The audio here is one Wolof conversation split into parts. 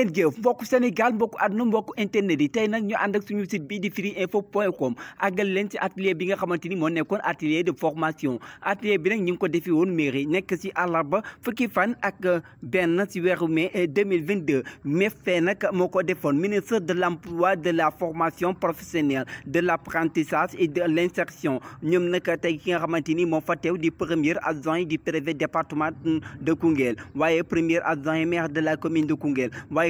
ngeen jëf mbokku Sénégal mbokku àdduna mbokku internet yi tey nag ñu ànd ak suñu site bii di firi info point com àggal leen ci atelier bi nga xamante ni moo nekkoon atelier de formation atelier bi nag ñu ngi ko defee woon mairie nekk ci àllarba fukki fan ak benn ci weeru mai 2022 mais fee nag moo ko ministre de l'emploi, de la formation professionnelle de l'apprentissage et de l'insertion. insertion ñoom nag tey ki nga xamante ni moo di premier adjoint du préfet département de Koungheul waaye premier adjoint maire de la commune de Koungheul waaye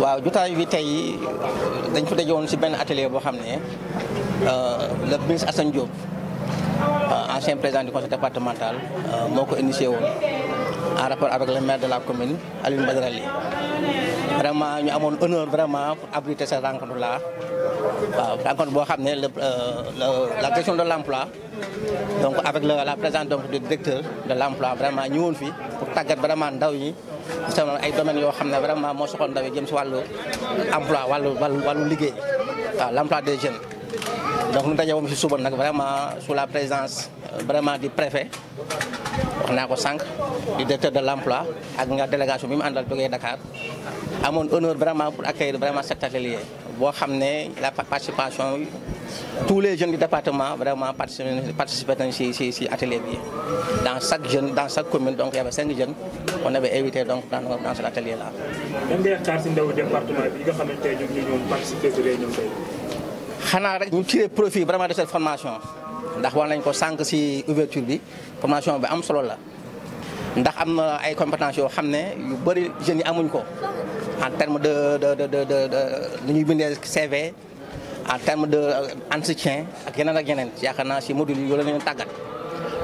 waaw jotaay bi tey dañ fa dajewoon si benn atelier boo xam ne le ministre asan diob ancien président du conseil départemental moo ko initié woon en rapport avec le maire de la commune aliou badrali vraiment ñu amone honneur vraiment abrité cette rencontre ah, là waaw rencontre bo xamné le la question de l'emploi donc avec le, la présence donc du directeur de l'emploi vraiment ñu won fi pour tagat vraiment ndaw yi sama ay domaine yo xamné vraiment mo soxon ndaw yi jëm ci walu emploi walu walu liguey waaw l'emploi des jeunes donc nous tañewum ci suba nak vraiment sous la présence vraiment eh, du préfet wax na ko sank di directeur de l'emploi ak nga délégation bi mu andal tougué dakar mon honneur vraiment pour accueillir vraiment cet atelier vous savez, la participation tous les jeunes du département vraiment participent ici à atelier dans chaque jeune dans chaque commune donc il y avait cinq jeunes on avait évité donc dans cet atelier là. lan ngay xaar si département bi nga xamante ne ñu ngi participer réunion tey. xanaa rek ñu tiré profit vraiment de cette formation Nous avons nañ ko ouvertures. si ouverture bi formation bi am solo la ndax am ay compétences nous avons ne yu jeunes yi amuñ ko. en terme de de de de de nu ñuy bindee CV en termes de euh, entretien ak yeneen ak yeneen yaakaar naa si modul yi yoo la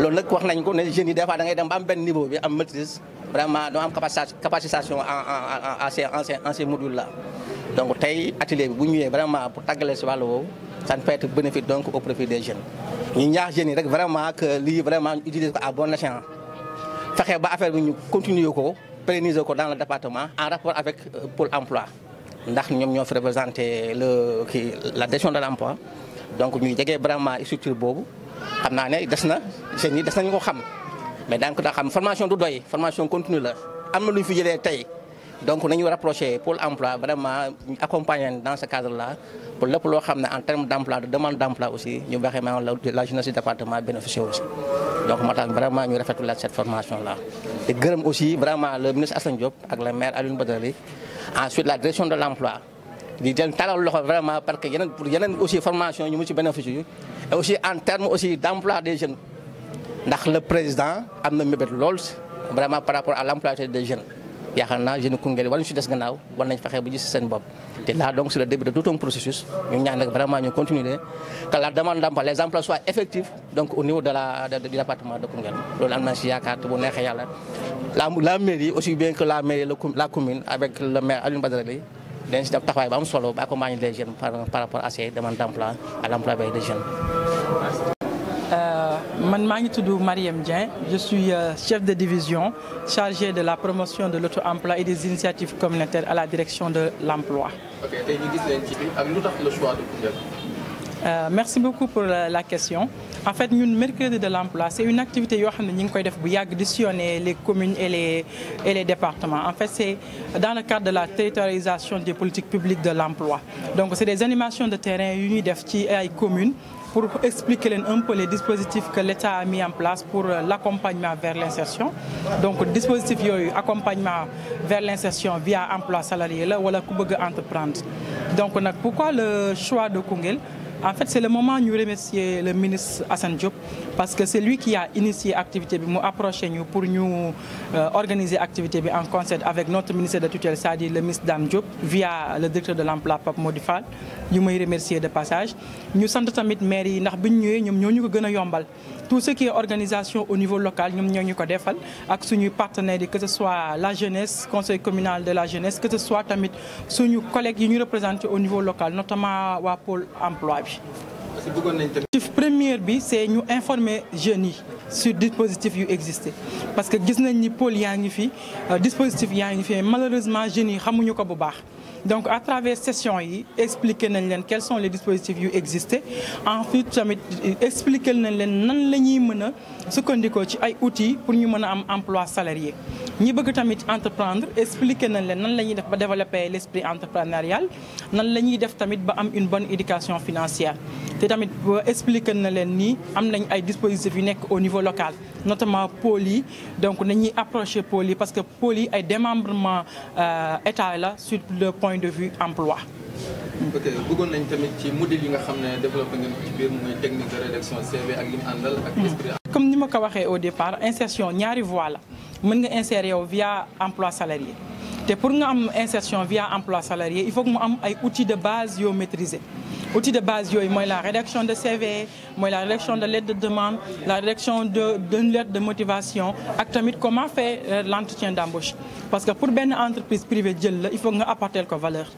loolu nag wax nañ ko ne jeunes yi des fois da ngay dem ba am benn bi am maîtrise vraiment am capacitation en en en ces en ces modules là. donc tey atelier bi bu ñu ñëwee vraiment pour tàggalee si wàllu woowu ça ne peut être bénéfique donc au profit des jeunes ñu ñaax jeunes yi rek vraiment que lii vraiment ñu utiliser ko à bon escient fexe ba affaire bi ñu continuer ko. pérenniser cours dans le département en rapport avec euh, Pôle emploi Nous avons représenté le la gestion de l'emploi. donc nous avons vraiment structure boobu Nous avons ne des na mais dans ko xam formation du doy formation continue Nous avons na rapproché Pôle emploi vraiment accompagner dans ce cadre là pour le Pôle emploi, en termes d'emploi, de demande d'emploi aussi nous avons vraiment la jeunesse du département bénéficier aussi donc nous avons vraiment ñu cette formation là et gërëm aussi vraiment le ministre Assane Diop avec la maire Aline Badali ensuite la direction de l'emploi. Je di jël vraiment parce que y, pour a aussi formation ñu mu ci et aussi en termes aussi d'emploi des jeunes le président a na mébét vraiment par rapport à l'emploi des jeunes yaakaar naa jeune Koungheul wala ñu si des gannaaw war nañ fexe bu gis seen bopp te là donc c'est le début de tout un ñu ñaan nag vraiment ñu continuer que la demande d'emploi les emplois soient effectifs donc au niveau de la du de Koungheul loolu am yaakaar te bu neexee yàlla la mairie aussi bien que la mairie la commune avec le maire Alioune Badara Gueye dañ si def taxawaay bu solo ba accompagner les jeunes par rapport à ces demandes à l'emploi Man Mariam Dien, je suis euh, chef de division chargé de la promotion de l'auto-emploi et des initiatives communautaires à la direction de l'emploi. Euh, merci beaucoup pour la, question. En fait, nous, Mercredi de l'Emploi, c'est une activité qui les communes et les, et les départements. En fait, c'est dans le cadre de la territorialisation des politiques publiques de l'emploi. Donc, c'est des animations de terrain unies des communes pour expliquer un peu les dispositifs que l'État a mis en place pour euh, l'accompagnement vers l'insertion. Donc, dispositif accompagnement vers l'insertion via emploi salarié, là, ou la entreprendre. Donc, pourquoi le choix de Kungel en fait, c'est le moment de nous remercier le ministre Hassan Diop parce que c'est lui qui a initié l'activité, nous approché pour nous euh, organiser l'activité en concert avec notre ministre de tutelle, c'est-à-dire le ministre Dame Diop, via le directeur de l'emploi, Pape Modifal. Nous remercions remercier de passage. Nous sommes tamit mairie, nous sommes gëna yombal tout ce qui est organisation au niveau local Nous sommes ñu ko ak suñu partenaires que ce soit la jeunesse conseil communal de la jeunesse que ce soit tamit suñu collègues qui nous représentent au niveau local notamment pour pôle emploi le premier première bi c'est ñu informer jeunes sur dispositif qui existé parce que gis nañ ni pôle yaa ngi fi euh, dispositif yaa ngi fi malheureusement jeunes yi xamuñu ko bu donc à travers session yi expliquer quels sont les dispositifs qui existent. ensuite expliquer ce nañ dit, nan la ñuy outils pour ñu un emploi salarié ñi bëgg entreprendre expliquer nañ leen nan développer l'esprit entrepreneurial nan on peut def une bonne éducation financière Et tamit expliquer comment on peut am nañ dispositifs au niveau local notamment poli. donc on approché poli parce que poli est un démembrement euh, état là sur le point point de vue emploi. ok bëggoon nañ tamit ci modèle yi nga xam ne développé ngeen ci biir muy technique de rédaction CV ak li mu àndal ak mm. comme ni ma ko au départ insertion ñaari voie la mën nga insérer yow via emploi salarié te pour nga am insertion via emploi salarié il faut que mu am ay outils de base yoo maîtriser outil de base yooyu la rédaction de CV la rédaction de lettre de demande la rédaction d'une lettre de motivation ak comment faire euh, l'entretien d'embauche parce que pour une entreprise privée il faut apporter ko valeur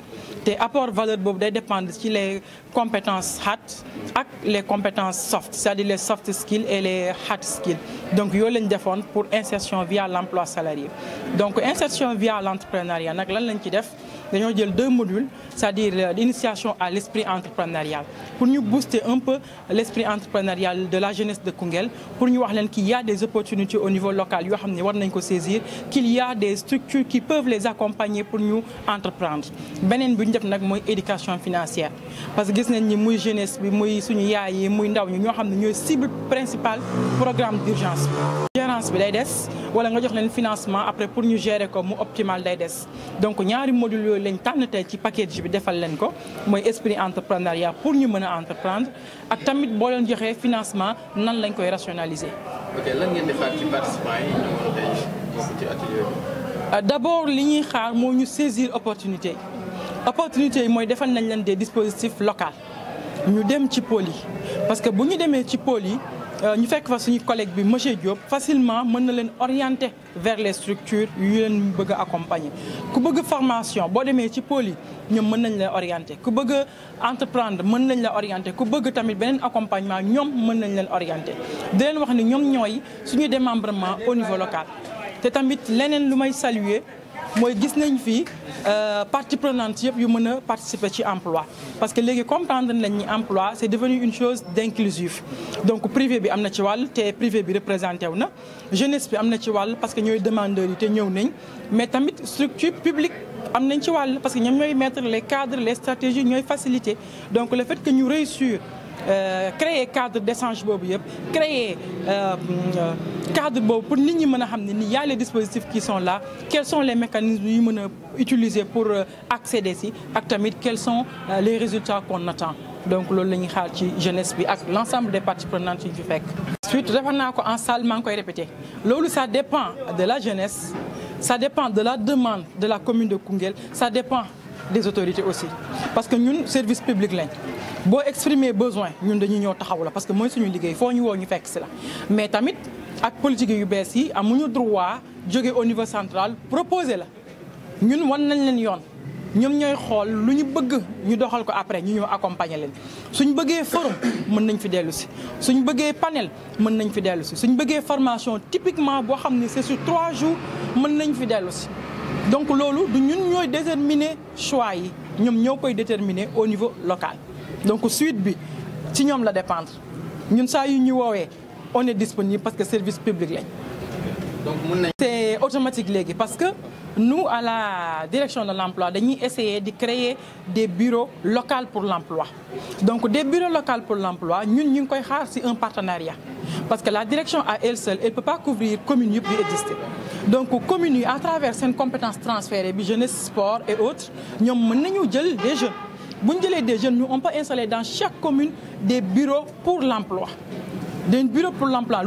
et apport valeur dépendent day dépendre les compétences hard et les compétences soft c'est-à-dire les soft skills et les hard skills donc y a defoon pour insertion via l'emploi salarié donc insertion via l'entrepreneuriat nous avons deux modules c'est-à-dire euh, l'initiation à l'esprit entrepreneurial pour nous booster un peu l'esprit entrepreneurial de la jeunesse de Kungel, pour nous dire qu'il y a des opportunités au niveau local qu'il y a des structures qui peuvent les accompagner pour nous entreprendre Ben, def nak moy éducation financière parce que gis nañ ni muy jeunesse bi muy suñu yaay yi muy ndaw ñu ñoo xam ñoy cible principale programme d'urgence gérance bi day dess wala nga jox leen financement après pour ñu gérer ko mu optimal day dess donc ñaari module yooyu lañ tan tay ci package bi défal leen ko moy esprit entrepreneuriat pour ñu mën entreprendre ak tamit bo leen joxé financement nan lañ koy rationaliser. ok lan ngeen di xaar ci participants yi ñëwoon ci atelier euh, d'abord li ñuy xaar moo ñu saisir opportunité opportunité yi mooy defal nañ leen des dispositifs locaux ñu dem ci pôle parce que bu ñu demee ci pôle euh, ñu fekk fa suñu collègue bi monsieur Diop facilement mën na leen orienter vers les structures yu leen bëgg accompagner ku bëgg formation bo démé ci pôle ñom ñoom mën nañ la orienter ku bëgg entreprendre mën nañ la orienter ku bëgg tamit benen accompagnement ñom mën nañ leen orienter di leen wax ni ñom ñooy suñu démembrement au niveau local té tamit lenen lu may saluer moy gis nañ euh partie prenante yëpp yu participer ci emploi parce que légui comprendre nañ ni emploi c'est devenu une chose d'inclusive donc privé bi amna ci privé bi représenté wu na jeunesse bi amna ci parce que ñoy demandeurs yi te nañ mais tamit structure publique am nañ ci parce que ñam ñoy mettre les cadres les stratégies ñoy faciliter donc le fait que ñu réussir euh, créer cadre d'échange créer créer euh, euh, cadre pour nit ñi mëna y a les dispositifs qui sont là quels sont les mécanismes utilisés utiliser pour accéder si ak quels sont les résultats qu'on attend donc lolu lañu ci jeunesse bi l'ensemble des parties prenantes qui le ensuite ko en salle mang répété ça dépend de la jeunesse ça dépend de la demande de la commune de Kungel, ça dépend des autorités aussi parce que un service public Bo exprimer besoin ñun dañuy ñëw taxaw la parce que moy suñu liggéey fo ñu wo ñu fekk ci la mais tamit ak politique yu bees yi amuñu droit jóge au niveau central proposer la ñun wan nañ leen yoon ñom ñoy xol luñu bëgg ñu doxal ko après ñu ñu accompagner leen suñ bëggé forum mën nañ fi dellu ci suñ bëggé panel mën nañ fi dellu ci suñ bëggé formation typiquement bo xam c'est sur trois jours mën nañ fi dellu ci donc lolu du ñun ñoy déterminer choix yi ñom ñoo koy déterminer au niveau local donc suite nous ci Nous la dépendre Nous sommes disponibles on est disponible parce que service public est c'est automatique parce que nous à la direction de l'emploi dañuy essayer de créer des bureaux locaux pour l'emploi donc des bureaux locaux pour l'emploi nous avons un partenariat. parce que la direction à elle seule elle ne peut pas couvrir communes qui existent. exister donc communes à travers une compétences transférées jeunesse sport et autres nous avons des jeunes jeunes nous n'avons pas installé dans chaque commune des bureaux pour l'emploi d'un bureau pour l'emploi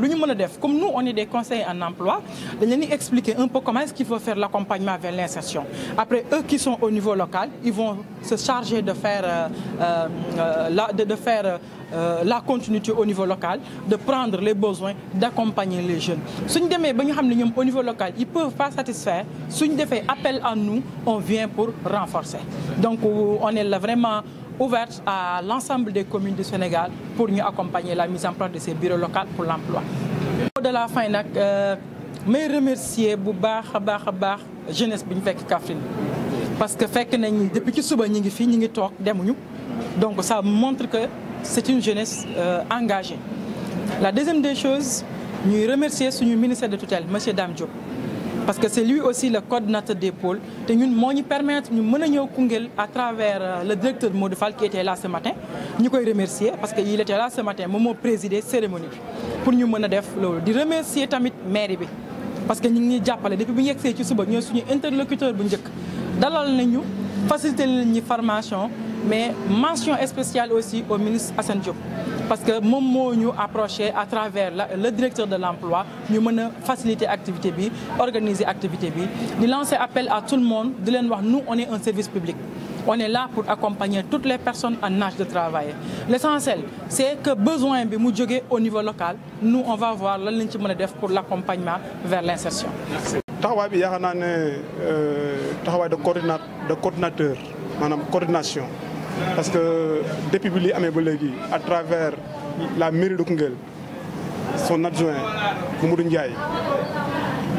comme nous on est des conseils en emploi ils nous expliquer un peu comment est-ce qu'il faut faire l'accompagnement vers l'insertion après eux qui sont au niveau local ils vont se charger de faire euh, euh, euh, la de, continuité au niveau local de prendre les besoins d'accompagner les jeunes Si nous au niveau local ils ne peuvent pas satisfaire nous fait, appel à nous on vient pour renforcer donc on est là vraiment ouverte à l'ensemble des communes du Sénégal pour nous accompagner la mise en place de ces bureaux locaux pour l'emploi de la fin je euh, remercie remercier bu jeunesse de parce que fekk nañ depuis que suba ñi ngi nous ñi ngi demuñu donc ça montre que c'est une jeunesse euh, engagée la deuxième des choses nous remercions le ministère de tutelle monsieur Dame parce que c'est lui aussi le coordonnateur des pôles. Et nous, nous nous permettre nous mener à travers euh, le directeur de Modifal qui était là ce matin. Nous pouvons remercier parce qu'il était là ce matin, moment présider cérémonie pour nous mener de faire Di remercier tamit parce que nous les jappalé depuis bu nous sommes suba interlocuteurs. suñu interlocuteur bu ñëk dalal nañu faciliter la formation mais mention spéciale aussi au ministre Hassan Diop parce que mon mot nous à travers le directeur de l'emploi nous menons faciliter l'activité organiser l'activité nous lancer appel à tout le monde De nous on est un service public on est là pour accompagner toutes les personnes en âge de travail l'essentiel c'est que besoin bi mu au niveau local nous on va voir le pour l'accompagnement vers l'insertion Merci. Euh, de coordinateur coordination parce que depuis le début, à travers la mairie de Kungel, son adjoint Mamadou Ndiaye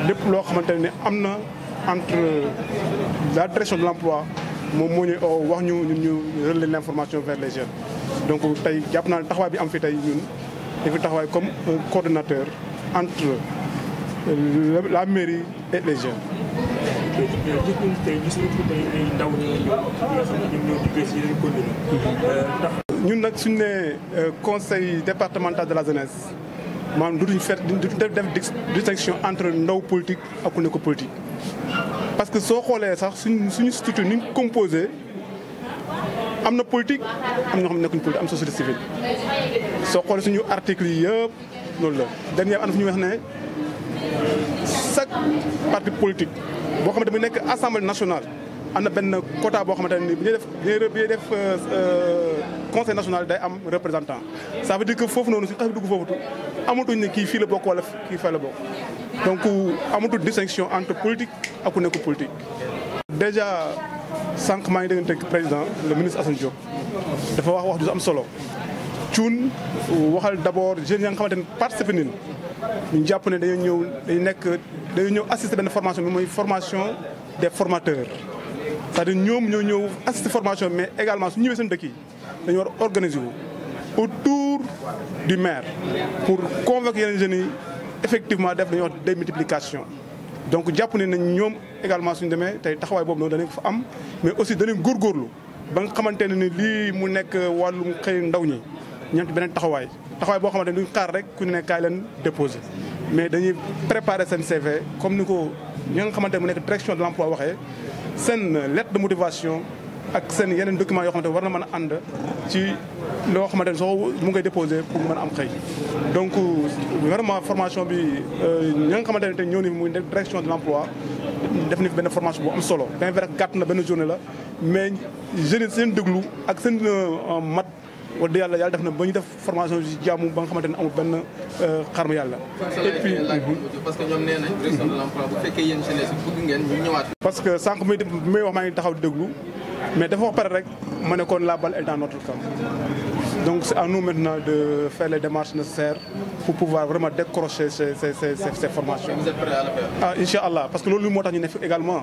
lépp loo xamante entre la direction de l'emploi nous moo l'information vers les jeunes. donc tey jàpp naa bi am fi comme coordinateur entre la mairie et les jeunes. Nous sommes un conseil départemental de la jeunesse. Nous faisons une distinction entre nos politiques et nos politiques. Parce que si qu'on a une structure composée, il y a politique et une société civile. Si on a un article, nous avons, c'est que chaque parti politique nous assemblée nationale euh, conseil national day ça veut dire que fofu nonu su tax dugg fofu ne ki fi la bok wala fa donc distinction entre politique ak politique. déjà que mois, président le ministre Assane Diop dafa wax wax du am solo waxal d'abord ñu japp né dañu ñëw dañu nek dañu ñëw assister benn formation bi moy formation des formateurs c'est-à-dire ñoom ñoo ñëw assister formation mais également su ñëwee seen dëkk yi dañu war organiser autour du maire pour convaincre les jeunes effectivement def dañu wax démultiplication donc japp né nañ ñoom également suñu démé tay taxaway bobu dañu fa am mais aussi danañ góorgóorlu ba nga xamanté ni li mu nek walum xey ndaw ñi ñu am taxaway taxaway bo xamanteni boo duñ xaar rek ku ne kay leen déposer mais dañuy préparer sen CV comme niko ko ñi nga xamante mu nek direction de l'emploi waxee sen lettre de motivation ak sen yeneen document yo xamanteni war na mën and ci lo xamanteni so mu ngay déposer pour mën am xey donc vraiment formation bi euh, ñi nga xamanteni té tey ñëw nañu muy direction de l'emploi def ni benn formation bu am solo. ben vrai gàtt na benn journée la mais jeunes sen deglu ak sen euh, mat wax dëgg yalla yàlla def na bañu def formation ci jàmm ba nga xamante ne amul benn euh, xarma et puis parce que ñom nee nañ. direction de l'emploi bu yeen ci jeunesse bëgg ngeen ñu ñëwaat. parce que sank muy muy wax maa ngi taxaw di mais dafa wax pare rek mané kon la balle est dans notre camp donc c'est à nous maintenant de faire les démarches nécessaires pour pouvoir vraiment décrocher ces ces ces ces formations. vous êtes prêt à le faire. ah inshallah parce que lolu motax ñu ne également.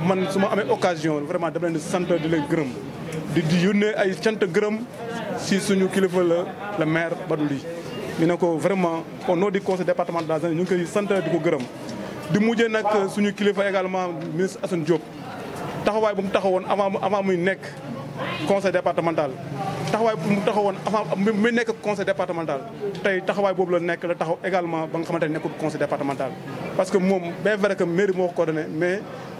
man suma ma occasion vraiment dama leen di sant di leen gërëm di di yónnee ay cant gërëm si suñu kilifa la le maire badouli Ly ñu ne ko vraiment au nom du conseil départemental de ñu koy sant di ko gërëm di mujjé nak suñu kilifa également ministre Assane Diop taxaway bu mu taxawoon avant avant muy nekk conseil départemental taxaway bu mu taxawoon avant muy nekk conseil départemental tay taxaway bobu la nekk la taxaw également ba nga xamante ne conseil départemental parce que mom bien vrai que maire mo ko coordonné mais